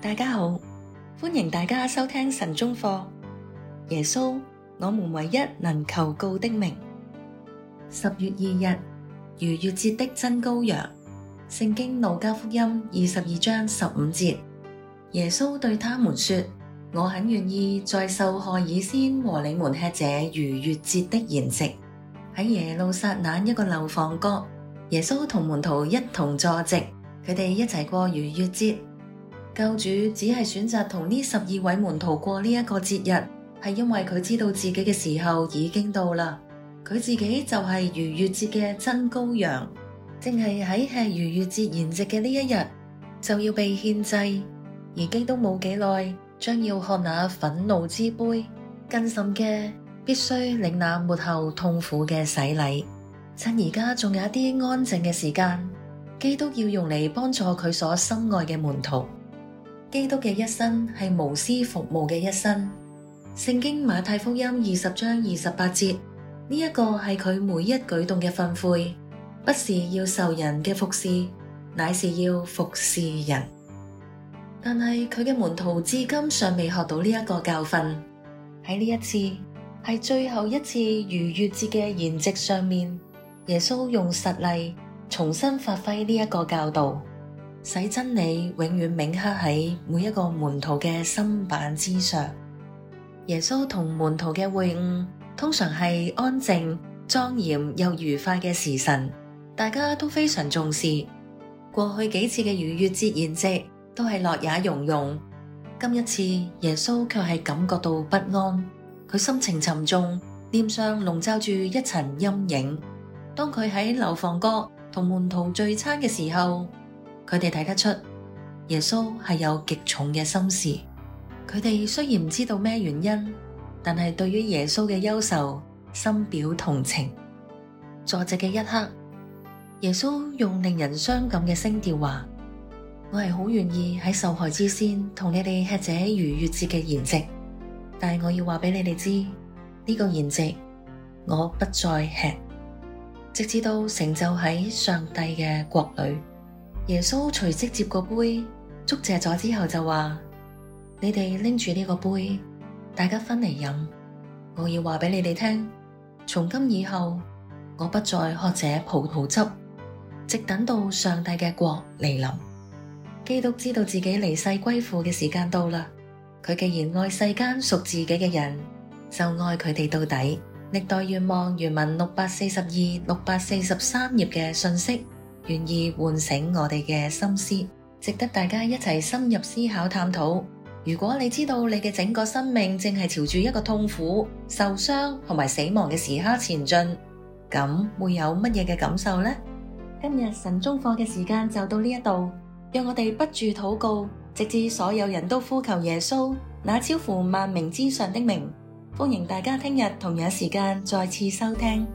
大家好，歡迎大家收聽神中課。耶穌，我們唯一能求告的名。十月二日，逾越節的真羔羊。聖經路加福音二十二章十五節，耶穌對他們說：我很願意在受害以先和你們吃這逾越節的筵席。喺耶路撒冷一個樓房角，耶穌同門徒一同坐席，佢哋一齊過逾越節。教主只係選擇同呢十二位門徒過呢一個節日，係因為佢知道自己嘅時候已經到啦。佢自己就係逾越節嘅真羔羊，正係喺吃逾越節筵席嘅呢一日就要被獻祭。而基督冇幾耐將要喝那憤怒之杯，更甚嘅必須領，領那末後痛苦嘅洗禮。趁而家仲有一啲安靜嘅時間，基督要用嚟幫助佢所深愛嘅門徒。基督嘅一生係無私服務嘅一生。聖經馬太福音二十章二十八節，呢一個係佢每一舉動嘅訓誨，不是要受人嘅服侍，乃是要服侍人。但係佢嘅門徒至今尚未學到呢一個教訓。喺呢一次係最後一次逾越節嘅筵席上面，耶穌用實例重新發揮呢一個教導，使真理永遠銘刻喺每一個門徒嘅心板之上。耶穌同門徒嘅會晤，通常係安靜莊嚴又愉快嘅時辰，大家都非常重視。過去幾次嘅逾越節宴席都係樂也融融，今一次耶穌卻係感覺到不安，佢心情沉重，臉上籠罩住一層陰影。當佢喺樓房角同門徒聚餐嘅時候，佢哋睇得出耶穌係有極重嘅心事。佢哋雖然唔知道咩原因，但係對於耶穌嘅憂愁，深表同情。坐席嘅一刻，耶穌用令人傷感嘅聲調話：我係好願意喺受害之先同你哋吃這逾越節嘅筵席，但係我要話俾你哋知，呢、這個筵席我不再吃，直至到成就喺上帝嘅國裏。耶穌隨即接過杯，祝謝咗之後就話：你哋拎住呢個杯，大家分嚟飲。我要話俾你哋聽，從今以後，我不再喝這葡萄汁，直等到上帝嘅國來臨。基督知道自己離世歸父嘅時間到啦，佢既然愛世間屬自己嘅人，就愛佢哋到底。歷代願望原文六百四十二、六百四十三頁嘅信息。願意喚醒我哋嘅心思，值得大家一齊深入思考探討。如果你知道你嘅整個生命正係朝住一個痛苦、受傷同埋死亡嘅時刻前進，咁會有乜嘢嘅感受呢？今日神中課嘅時間就到呢一度，讓我哋不住禱告，直至所有人都呼求耶穌，那超乎萬名之上的名。歡迎大家聽日同樣時間再次收聽。